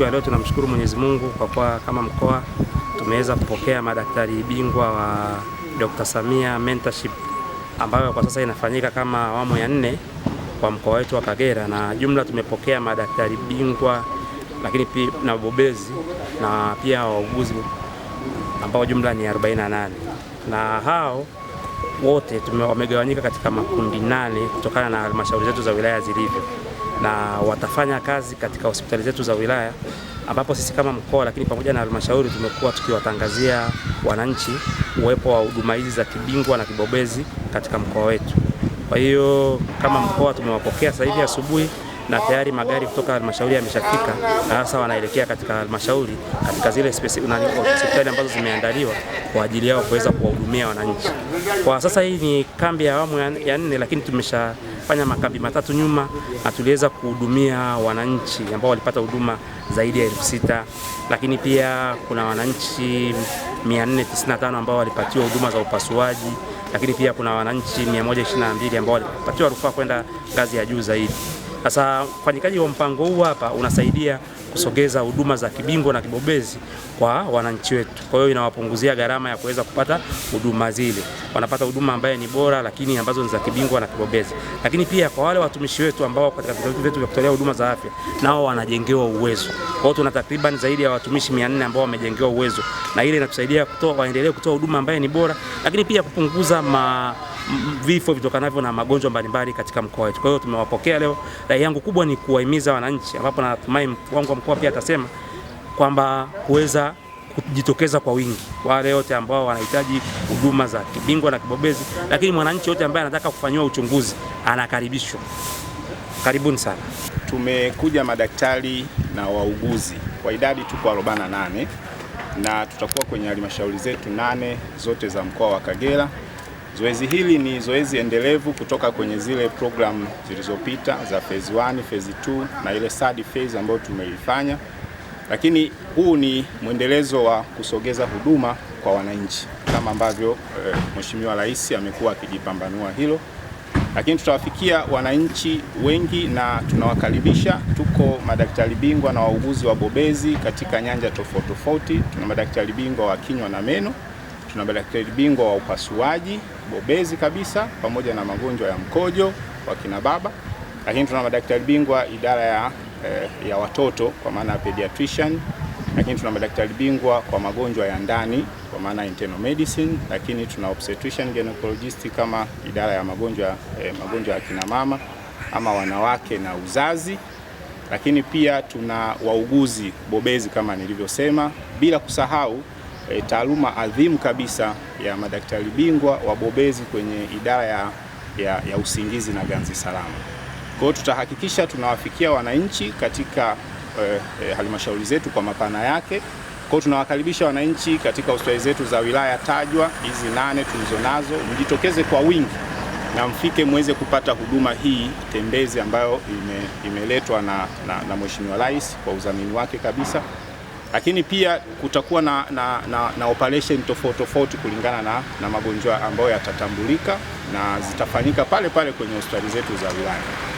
siku ya leo tunamshukuru Mwenyezi Mungu kwa kuwa kama mkoa tumeweza kupokea madaktari bingwa wa Dr. Samia Mentorship ambayo kwa sasa inafanyika kama awamu ya nne kwa mkoa wetu wa Kagera, na jumla tumepokea madaktari bingwa lakini pia na wabobezi na pia wauguzi ambao jumla ni 48 na hao wote wamegawanyika katika makundi nane kutokana na halmashauri zetu za wilaya zilivyo na watafanya kazi katika hospitali zetu za wilaya, ambapo sisi kama mkoa, lakini pamoja na halmashauri tumekuwa tukiwatangazia wananchi uwepo wa huduma hizi za kibingwa na kibobezi katika mkoa wetu. Kwa hiyo kama mkoa tumewapokea sasa hivi asubuhi na tayari magari kutoka halmashauri yameshafika na sasa wanaelekea katika halmashauri katika zile hospitali ambazo zimeandaliwa kwa ajili yao kuweza kuwahudumia wananchi. Kwa sasa hii ni kambi ya awamu ya nne, lakini tumeshafanya makambi matatu nyuma na tuliweza kuhudumia wananchi ambao walipata huduma zaidi ya elfu sita lakini pia kuna wananchi 495 ambao walipatiwa huduma za upasuaji, lakini pia kuna wananchi 122 ambao walipatiwa rufaa kwenda ngazi ya juu zaidi. Sasa ufanyikaji wa mpango huu hapa unasaidia kusogeza huduma za kibingwa na kibobezi kwa wananchi wetu. Kwa hiyo inawapunguzia gharama ya kuweza kupata huduma zile, wanapata huduma ambaye ni bora, lakini ambazo ni za kibingwa na kibobezi. Lakini pia kwa wale watumishi wetu ambao katika vituo vyetu vya kutolea huduma za afya, nao wanajengewa uwezo. Kwa hiyo tuna takriban zaidi ya watumishi 400 ambao wamejengewa uwezo, na ile inatusaidia kutoa, waendelee kutoa huduma ambaye ni bora, lakini pia kupunguza ma vifo vitokanavyo na magonjwa mbalimbali katika mkoa wetu. Kwa hiyo tumewapokea leo. Rai yangu kubwa ni kuwahimiza wananchi, ambapo natumai wangu mkoa pia atasema kwamba kuweza kujitokeza kwa wingi wale wote ambao wanahitaji huduma za kibingwa na kibobezi, lakini mwananchi yote ambaye anataka kufanyiwa uchunguzi anakaribishwa. Karibuni sana. Tumekuja madaktari na wauguzi kwa idadi tuko 48 na tutakuwa kwenye halmashauri zetu nane zote za mkoa wa Kagera. Zoezi hili ni zoezi endelevu kutoka kwenye zile program zilizopita za phase 1, phase 2 na ile third phase ambayo tumeifanya, lakini huu ni mwendelezo wa kusogeza huduma kwa wananchi kama ambavyo e, Mheshimiwa Rais amekuwa akijipambanua hilo, lakini tutawafikia wananchi wengi na tunawakaribisha. Tuko madaktari bingwa na wauguzi wabobezi katika nyanja tofauti tofauti. Tuna madaktari bingwa wa kinywa na meno tuna madaktari bingwa wa upasuaji bobezi kabisa pamoja na magonjwa ya mkojo kwa kina baba, lakini tuna madaktari bingwa idara ya, eh, ya watoto kwa maana ya pediatrician, lakini tuna madaktari bingwa kwa magonjwa ya ndani kwa maana internal medicine, lakini tuna obstetrician gynecologist kama idara ya magonjwa, eh, magonjwa ya kina mama ama wanawake na uzazi lakini pia tuna wauguzi bobezi kama nilivyosema, bila kusahau e, taaluma adhimu kabisa ya madaktari bingwa wabobezi kwenye idara ya, ya, ya usingizi na ganzi salama. Kwa hiyo tutahakikisha tunawafikia wananchi katika e, e, halmashauri zetu kwa mapana yake. Kwa hiyo tunawakaribisha wananchi katika hospitali zetu za wilaya tajwa hizi nane tulizonazo, mjitokeze kwa wingi na mfike muweze kupata huduma hii tembezi ambayo imeletwa ime na, na, na Mheshimiwa Rais kwa udhamini wake kabisa lakini pia kutakuwa na, na, na, na operation tofauti tofauti kulingana na, na magonjwa ambayo yatatambulika na zitafanyika pale pale kwenye hospitali zetu za wilaya.